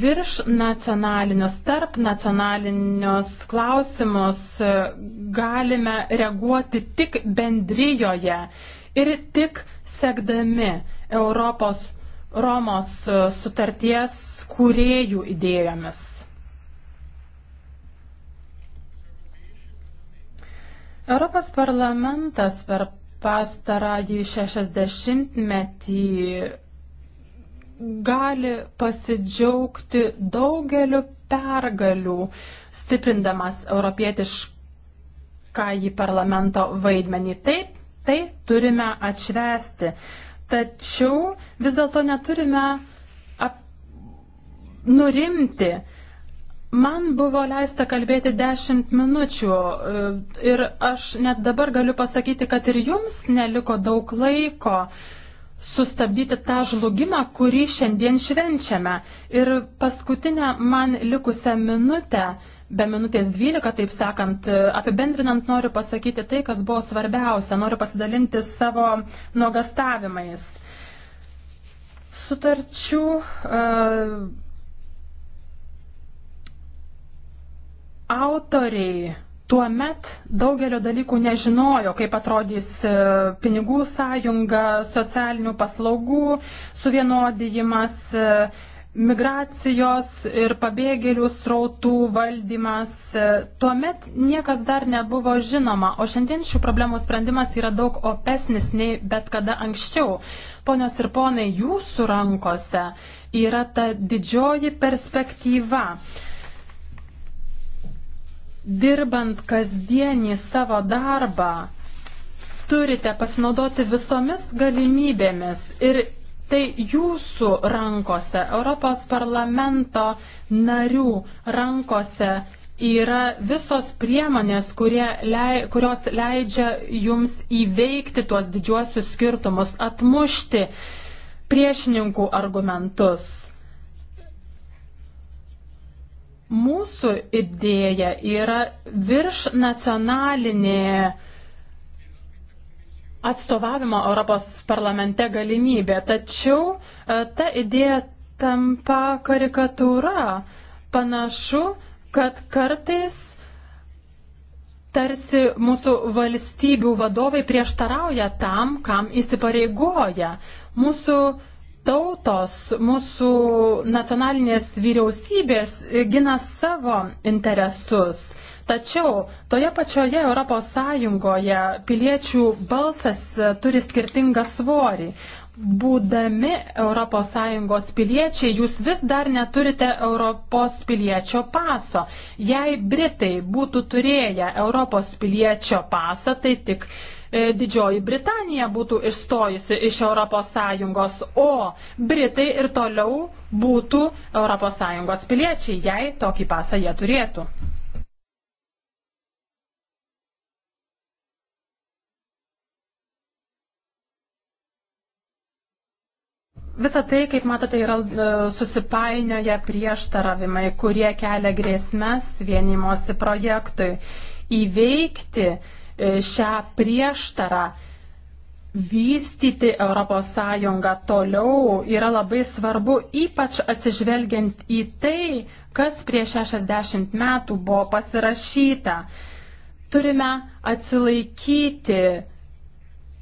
virš nacionalinius, tarp nacionalinius klausimus e, galime reaguoti tik bendryjoje ir tik sekdami Europos Romos e, sutarties kūrėjų idėjomis. Europos parlamentas per pastarąjį 60-metį gali pasidžiaugti daugeliu pergalių, stiprindamas europietiškąjį parlamento vaidmenį. Taip, tai turime atšvesti. Tačiau vis dėlto neturime ap... nurimti. Man buvo leista kalbėti 10 minučių e, ir aš net dabar galiu pasakyti, kad ir jums neliko daug laiko sustabdyti tą žlugimą, kurį šiandien švenčiame. Ir paskutinę man likusią minutę be minutės 12, taip sakant, e, apibendrinant noriu pasakyti tai, kas buvo svarbiausia, noriu pasidalinti savo nuogastavimais. Sutarčių uh, autoriai tuo met daugelio dalykų nežinojo, kaip atrodys e, pinigų sąjunga, socialinių paslaugų suvienodijimas. Uh, migracijos ir pabėgėlių srautų valdymas. E, tuomet niekas dar nebuvo žinoma, o šiandien šių problemų sprendimas yra daug opesnis nei bet kada anksčiau. Ponios ir ponai, jūsų rankose yra ta didžioji perspektyva. Dirbant kasdienį savo darbą, turite pasinaudoti visomis galimybėmis ir tai jūsų rankose, Europos parlamento narių rankose yra visos priemonės, kurie, lei, kurios leidžia jums įveikti tuos didžiuosius skirtumus, atmušti priešininkų argumentus. Mūsų idėja yra virš nacionalinė atstovavimo Europos parlamente galimybė, tačiau e, ta idėja tampa karikatūra. Panašu, kad kartais tarsi mūsų valstybių vadovai prieštarauja tam, kam įsipareigoja. Mūsų tautos, mūsų nacionalinės vyriausybės gina savo interesus. Tačiau toje pačioje ES piliečių balsas e, turi skirtingą svorį. Būdami ES piliečiai, jūs vis dar neturite Europos piliečio paso. Jei Britai būtų turėję Europos piliečio pasą, tai tik e, Didžioji Britanija būtų išstojusi iš ES, o Britai ir toliau būtų ES piliečiai, jei tokį pasą jie turėtų. Visą tai, kaip matote, yra e, susipainioja prieštaravimai, kurie kelia grėsmes vienimosi projektui. Įveikti e, šią prieštarą, vystyti ES toliau yra labai svarbu, ypač atsižvelgiant į tai, kas prieš 60 metų buvo pasirašyta. Turime atsilaikyti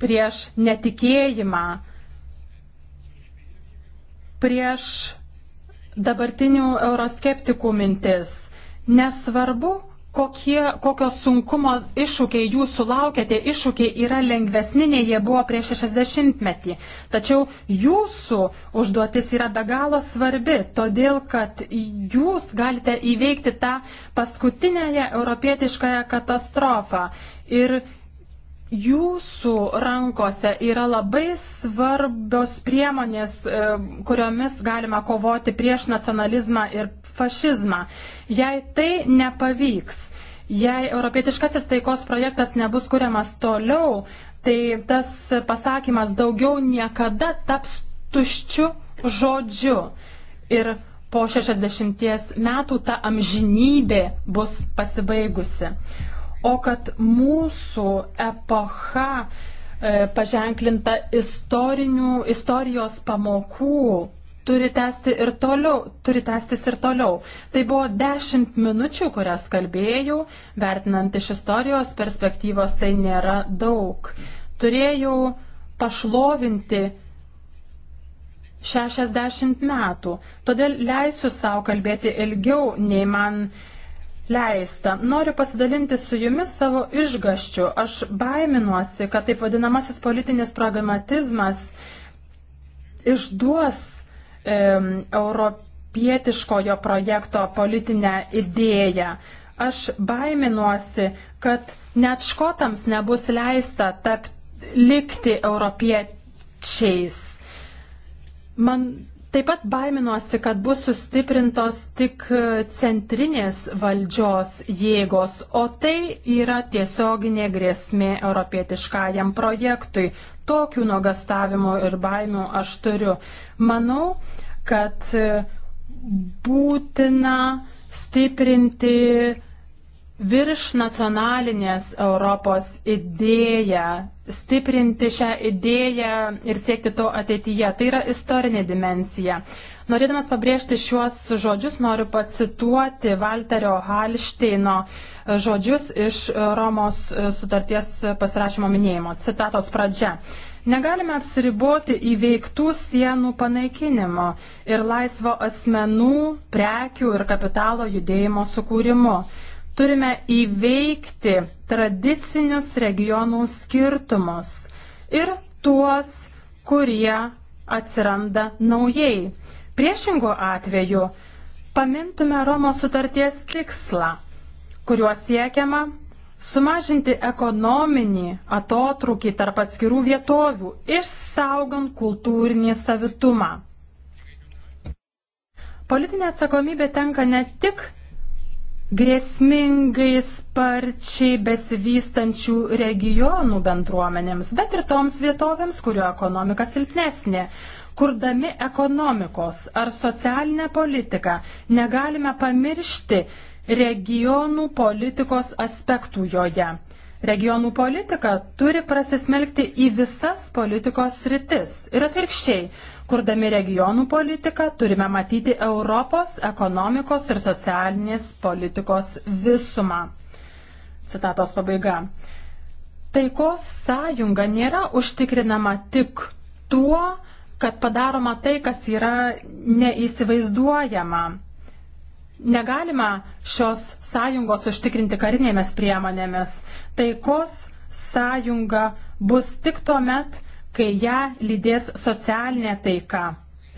prieš netikėjimą prieš dabartinių euroskeptikų mintis. Nesvarbu, kokie, kokio sunkumo iššūkiai jūsų laukia, tie iššūkiai yra lengvesni, nei jie buvo prieš 60 metį. Tačiau jūsų užduotis yra be galo svarbi, todėl kad jūs galite įveikti tą paskutinėje europietiškąją katastrofą. Ir Jūsų rankose yra labai svarbios priemonės, e, kuriomis galima kovoti prieš nacionalizmą ir fašizmą. Jei tai nepavyks, jei europietiškasis taikos projektas nebus kuriamas toliau, tai tas pasakymas daugiau niekada taps tuščiu žodžiu. Ir po 60 metų ta amžinybė bus pasibaigusi o kad mūsų epocha e, paženklinta istorinių, istorijos pamokų turi tęsti ir toliau, turi tęstis ir toliau. Tai buvo dešimt minučių, kurias kalbėjau, vertinant iš istorijos perspektyvos tai nėra daug. Turėjau pašlovinti 60 metų, todėl leisiu savo kalbėti ilgiau, nei man uh, leista. Noriu pasidalinti su jumis savo išgaščiu. Aš baiminuosi, kad taip vadinamasis politinis pragmatizmas išduos e, europietiškojo projekto politinę idėją. Aš baiminuosi, kad net škotams nebus leista tap, likti europiečiais. Man Taip pat baiminuosi, kad bus sustiprintos tik centrinės valdžios jėgos, o tai yra tiesioginė grėsmė europietiškajam projektui. Tokių nuogastavimų ir baimių aš turiu. Manau, kad būtina stiprinti virš nacionalinės Europos idėją, stiprinti šią idėją ir siekti to ateityje. Tai yra istorinė dimensija. Norėdamas pabrėžti šiuos žodžius, noriu pacituoti Walterio Halšteino žodžius iš Romos sutarties pasirašymo minėjimo. Citatos pradžia. Negalime apsiriboti įveiktų sienų panaikinimo ir laisvo asmenų, prekių ir kapitalo judėjimo sukūrimo. Turime įveikti tradicinius regionų skirtumus ir tuos, kurie atsiranda naujai. Priešingo atveju pamintume Romos sutarties tikslą, kuriuo siekiama sumažinti ekonominį atotrukį tarp atskirų vietovių, išsaugant kultūrinį savitumą. Politinė atsakomybė tenka ne tik grėsmingai sparčiai besivystančių regionų bendruomenėms, bet ir toms vietovėms, kurio ekonomika silpnesnė. Kurdami ekonomikos ar socialinę politiką negalime pamiršti regionų politikos aspektų joje. Regionų politika turi prasismelkti į visas politikos sritis ir atvirkščiai, kurdami regionų politiką turime matyti Europos ekonomikos ir socialinės politikos visumą. Citatos pabaiga. Taikos sąjunga nėra užtikrinama tik tuo, kad padaroma tai, kas yra neįsivaizduojama. Negalima šios sąjungos užtikrinti karinėmis priemonėmis. Taikos sąjunga bus tik tuo met, kai ją lydės socialinė taika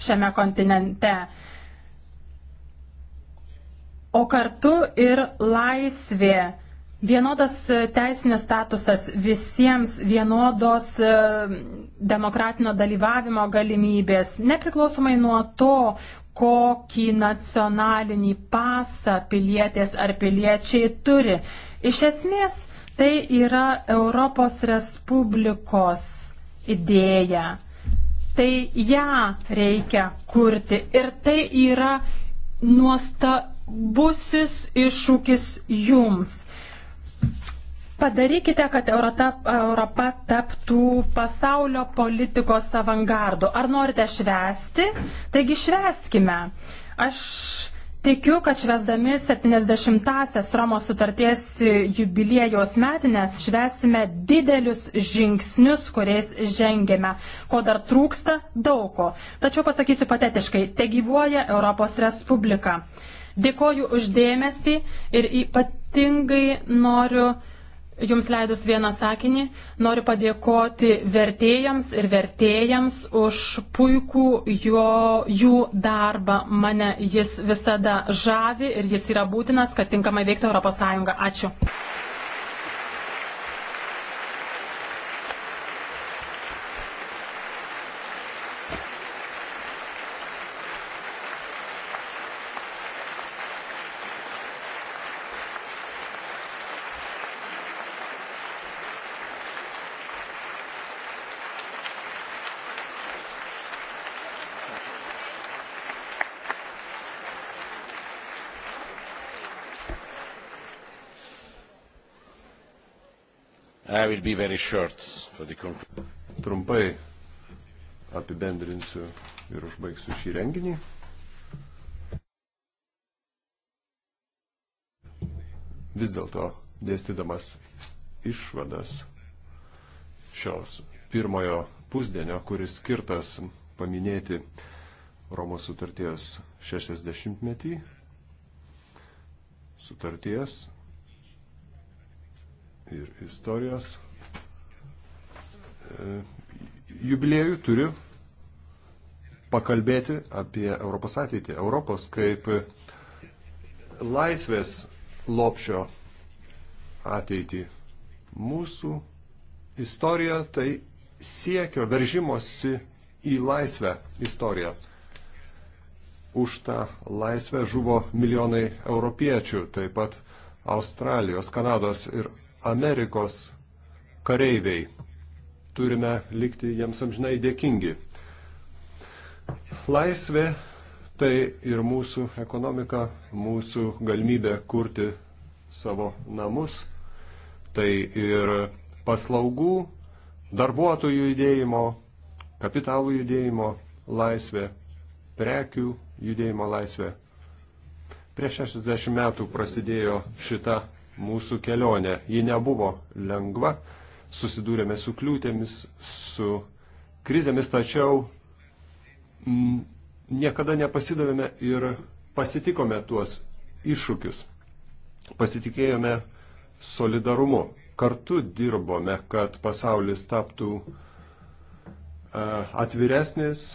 šiame kontinente, o kartu ir laisvė. Vienodas teisinis statusas visiems, vienodos e, demokratinio dalyvavimo galimybės, nepriklausomai nuo to, kokį nacionalinį pasą pilietės ar piliečiai turi. Iš esmės, tai yra Europos Respublikos idėja. Tai ją reikia kurti. Ir tai yra nuostabusis iššūkis jums. Padarykite, kad Europa, Europa taptų pasaulio politikos avangardu. Ar norite švęsti? Taigi švęskime. Aš tikiu, kad švesdami 70-asias Romos sutarties jubiliejos metinės švesime didelius žingsnius, kuriais žengėme. Ko dar trūksta? Daugo. Tačiau pasakysiu patetiškai, te gyvuoja Europos Respublika. Dėkoju uždėmesį ir ypatingai noriu Jums leidus vieną sakinį, noriu padėkoti vertėjams ir vertėjams už puikų jo, jų darbą. Mane jis visada žavi ir jis yra būtinas, kad tinkamai veiktų ES. Ačiū. Trumpai apibendrinsiu ir užbaigsiu šį renginį. Vis dėlto, dėstydamas išvadas šios pirmojo pusdienio, kuris skirtas paminėti Romos sutarties 60-metį, sutarties, ir istorijos e, jubiliejų turi pakalbėti apie Europos ateitį. Europos kaip laisvės lopšio ateitį. Mūsų istorija tai siekio veržimosi į laisvę istorija. Už tą laisvę žuvo milijonai europiečių, taip pat Australijos, Kanados ir Amerikos kareiviai. Turime likti jiems amžinai dėkingi. Laisvė tai ir mūsų ekonomika, mūsų galimybė kurti savo namus, tai ir paslaugų, darbuotojų judėjimo, kapitalų judėjimo laisvė, prekių judėjimo laisvė. Prieš 60 metų prasidėjo šita mūsų kelionę. Ji nebuvo lengva, susidūrėme su kliūtėmis, su krizėmis, tačiau m, mm, niekada nepasidavėme ir pasitikome tuos iššūkius. Pasitikėjome solidarumu. Kartu dirbome, kad pasaulis taptų e, atviresnis,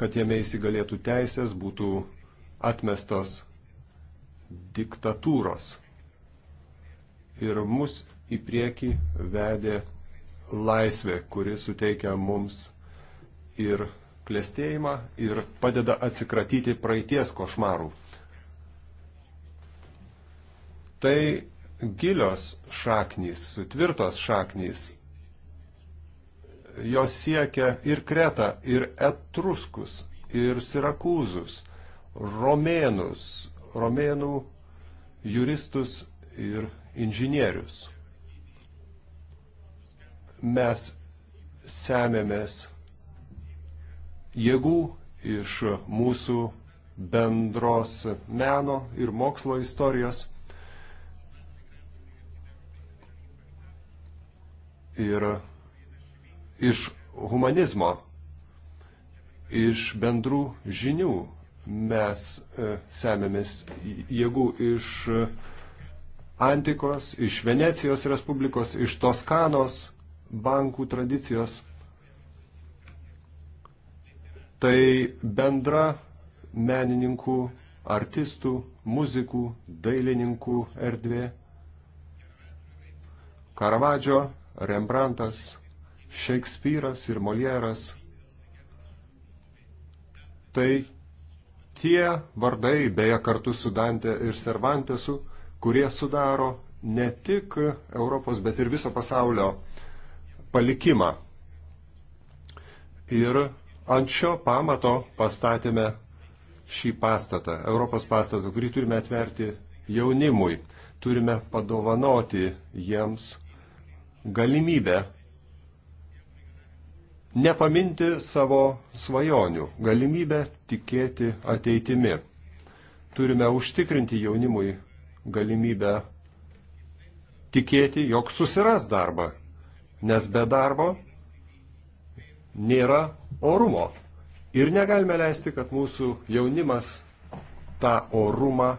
kad jame įsigalėtų teisės, būtų atmestos diktatūros ir mus į priekį vedė laisvė, kuri suteikia mums ir klėstėjimą, ir padeda atsikratyti praeities košmarų. Tai gilios šaknys, tvirtos šaknys. Jos siekia ir Kretą, ir Etruskus, ir Sirakūzus, Romėnus, Romėnų juristus ir inžinierius. Mes semėmės jėgų iš mūsų bendros meno ir mokslo istorijos. Ir iš humanizmo, iš bendrų žinių mes e, semėmės jėgų iš uh, antikos, iš Venecijos Respublikos, iš Toskanos bankų tradicijos. Tai bendra menininkų, artistų, muzikų, dailininkų erdvė. Karavadžio, Rembrantas, Šekspyras ir Molieras. Tai tie vardai, beje kartu su Dante ir Cervantesu, kurie sudaro ne tik Europos, bet ir viso pasaulio palikimą. Ir ant šio pamato pastatėme šį pastatą, Europos pastatą, kurį turime atverti jaunimui. Turime padovanoti jiems galimybę nepaminti savo svajonių, galimybę tikėti ateitimi. Turime užtikrinti jaunimui galimybę tikėti, jog susiras darbą, nes be darbo nėra orumo. Ir negalime leisti, kad mūsų jaunimas tą orumą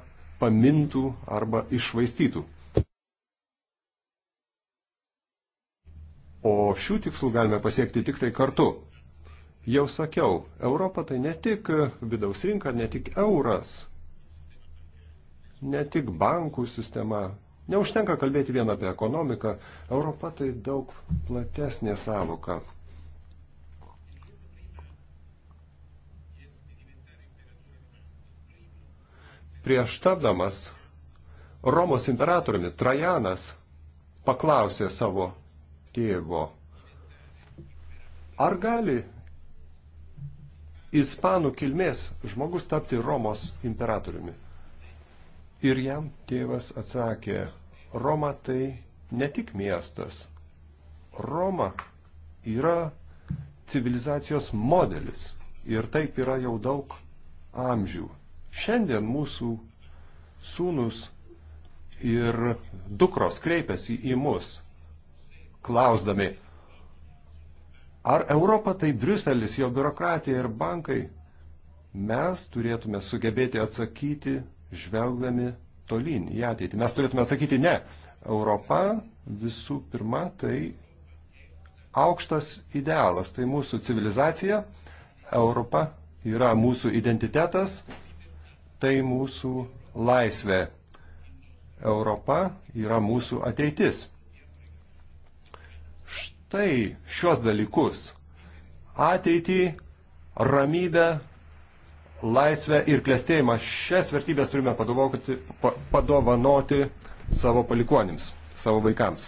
pamintų arba išvaistytų. O šių tikslų galime pasiekti tik tai kartu. Jau sakiau, Europa tai ne tik vidaus rinka, ne tik euras, ne tik bankų sistema. Neužtenka kalbėti vien apie ekonomiką. Europa tai daug platesnė savoka. Prieš tapdamas Romos imperatoriumi Trajanas paklausė savo tėvo, ar gali ispanų kilmės žmogus tapti Romos imperatoriumi? Ir jam tėvas atsakė, Roma tai ne tik miestas. Roma yra civilizacijos modelis ir taip yra jau daug amžių. Šiandien mūsų sūnus ir dukros kreipiasi į mus, klausdami, ar Europa tai Briuselis, jo biurokratija ir bankai. Mes turėtume sugebėti atsakyti žvelgdami tolyn į ateitį. Mes turėtume sakyti ne. Europa visų pirma tai aukštas idealas, tai mūsų civilizacija, Europa yra mūsų identitetas, tai mūsų laisvė. Europa yra mūsų ateitis. Štai šios dalykus - ateitį, ramybę, laisvę ir klėstėjimą. Šias vertybės turime padovanoti savo palikuonims, savo vaikams.